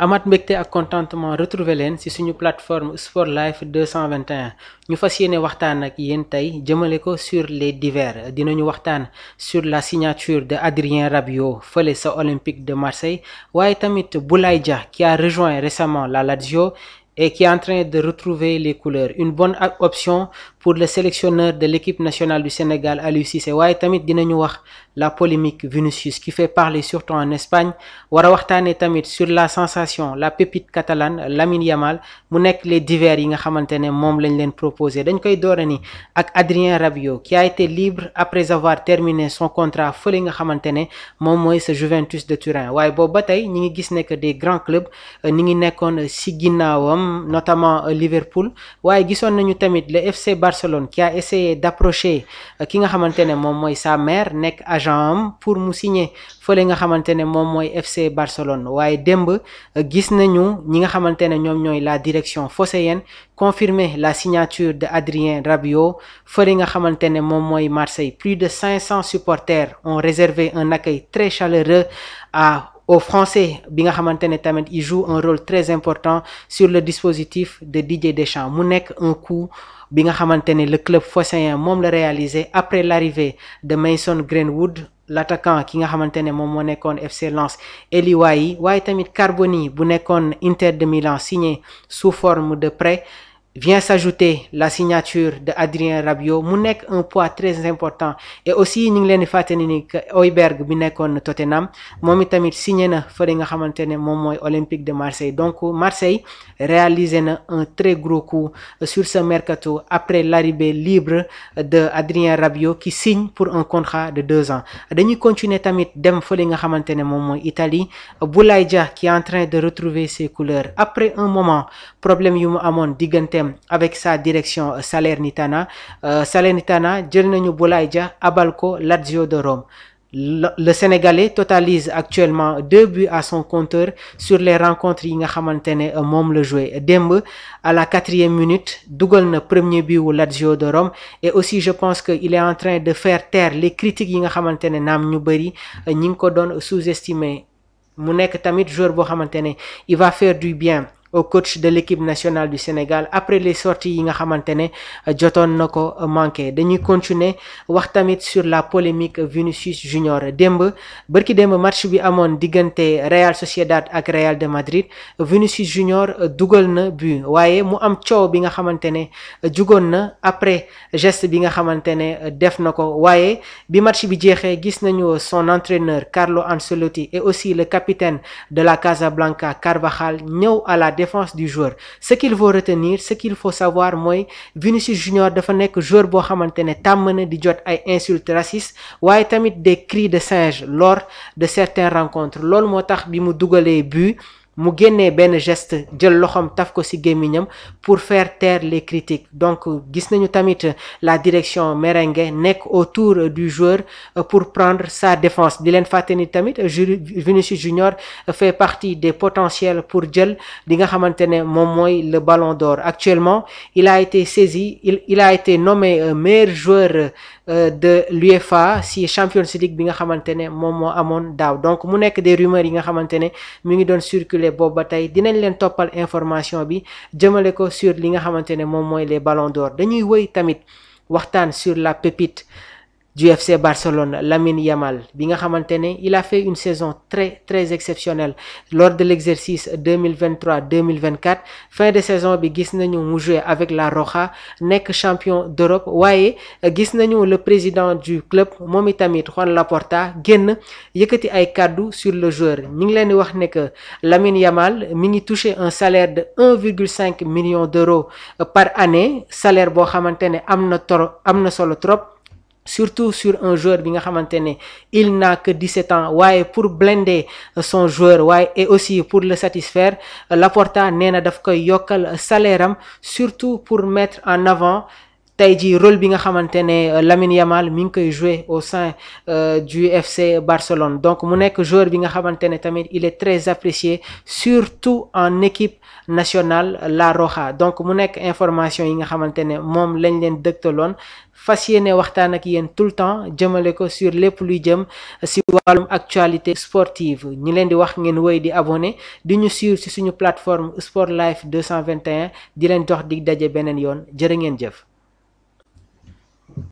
amaat mbégte ak contentement retrouver leen ci suñu plateforme sport life 221 ñu fas yéene waxtaan ak yéen tey jëmale ko sur les divers dinañu waxtaan sur la signature de Adrien Rabiot fële sa Olympique de Marseille waaye tamit bulay Dia qui a rejoint récemment la Lazio et qui est en de retrouver les couleurs une bonne option pour le sélectionneur de l'équipe nationale du Sénégal Aliou Cissé waaye tamit dinañu wax la polémique Vinicius qui fait parler surtout en Espagne war a tamit sur la sensation la pépite catalane Lamine Yamal mu nekk les divers yi nga xamante ne moom lañ leen proposé dañ koy doora ni ak Adrien Rabiot qui a été libre après avoir terminé son contrat fële nga xamante ne moom mooy sa Juventus de Turin waaye boobu ba tey ñi ngi gis ne que des grands clubs euh, ñi ngi nekkoon si ginnaawam notamment euh, Liverpool waaye Barcelone qui a essayé d'approcher euh, ki nga xamante ne moom mooy sa mère nekk agent am pour mu signer fële nga xamante ne moom mooy FC Barcelone waaye démb euh, gis nañu ñi nga xamante ne ñoom ñooy la direction phocéenne confirmer la signature de Adrien Rabiot fële nga xamante ne moom mooy Marseille plus de 500 supporters ont réservé un accueil très chaleureux aux Français bi nga xamante ne tamit il joue un rôle très important sur le dispositif de Didier Deschamps mu nekk un coup bi nga xamante ne le club phocéen moom la réalisé après l'arrivée de Mason Greenwood l'attaquant ki nga xamante ne moom moo nekkoon FC Lens Elie Waly waaye tamit Carboni bu nekkoon Inter de Milan signé sous forme de prêt vient s'ajouter la signature de Adrien Rabiot mu nekk un pois très important et aussi ñu ngi leen di fàttali ni que Hoiberg bi nekkoon Tottenham moom tamit signé na fële nga xamante ne moom mooy Olympique de Marseille donc Marseille réalisé na un très gros coup sur ce mercato après l'arrivée libre de Adrien Rabiot qui signe pour un contrat de deux ans dañuy continuer tamit dem fa fële nga xamante ne moom mooy Italie Boulaye Dia qui est en train de retrouver ses couleurs après avec sa direction euh, Salernitana euh, Salernitana jël nañu Boulaye ja abal ko Lazio de Rome le Sénégalais totalise actuellement deux buts à son compteur sur les rencontres yi nga xamante ne euh, moom la joué démb à la quatrième minute dugal na premier but wu Lazio de Rome et aussi je pense que il est en train de faire taire les critiques yi nga xamante ne naam ñu bëri ñi ngi ko doon sous-estimer mu nekk tamit joueur boo xamante ne il va faire du bien au coach de l'équipe nationale du Sénégal après les sorties yi nga xamante ne euh, jotoon na ko euh, manqué dañuy continuer wax tamit sur la polémique Vinicius Junior démb bërki démb match bi amoon diggante Real Sociedad ak Real de Madrid Vinicius Junior euh, dugal na but waaye mu am coow bi nga xamante ne jugoon na après geste bi nga xamante ne def na ko waaye bi match bi jeexee gis nañu son entraîneur Carlo Ancelotti et aussi le capitaine de la Casablanca Carvajal ñëw défense du joueur ce qu'il faut retenir ce qu'il faut savoir mooy Vinicius Junior dafa nekk joueur boo xamante ne tàmm na di jot ay insultes racistes waaye tamit des cris de singe lors de certaines rencontres loolu moo tax bi mu dugalee but mu génnee benn geste jël loxoom taf ko ci gémmiñam pour fair taire les critiques donc gis nañu tamit la direction merengue nekk autour du joueur euh, pour prendre sa défense di leen fàtte ni tamit Vinicius Junior euh, fait partie des potentiels pour jël li nga xamante ne moom mooy le ballon d'or actuellement il a été saisi il, a été nommé euh, meilleur joueur Euh, de l'UEFA si Champions League bi nga xamante ne moom moo amoon daaw donc mu nekk des rumeurs yi nga xamante ne mu ngi doon circuler boobu ba tey dinañ leen toppal information bi jëmale ko sur li nga xamante ne moom mooy les ballons d'or dañuy wëy tamit waxtaan sur la pépite du FC Barcelone, Lamine Yamal, il a fait une saison très très exceptionnelle lors de l'exercice 2023-2024. Fin de saison, bi gis nañu nous joué avec la Roja, nek champion d'Europe. nañu le président du club, Momitami Juan Laporta, génn yëkkati ay kaddu sur le joueur. Nous wax que Lamine mi ngi touché un salaire de 1,5 million d'euros par année, salaire bo xamantene am na solo trop. surtout sur un joueur bi nga xamante ne il n'a que 17 ans waaye pour blinder son joueur waaye et aussi pour le satisfaire Laporta nee na daf koy yokkal saleeram surtout pour mettre en avant tey jii rôle bi nga xamante ne euh, Lamine Yamal mi ngi koy jouer au sein euh, du FC Barcelone donc mu nekk joueur bi nga xamante ne tamit il est très apprécié surtout en équipe nationale La Roja donc mu nekk information yi nga xamante ne moom lañ leen dëgtaloon fas yéene waxtaan ak yéen tout le temps jëmale ko sur lépp luy jëm si wàllum actualité sportive ñi leen di wax ngeen wéy di abonné di ñu suivre si suñu plateforme Sport Life 221 di leen jox di daje beneen yoon jërë ngeen jëf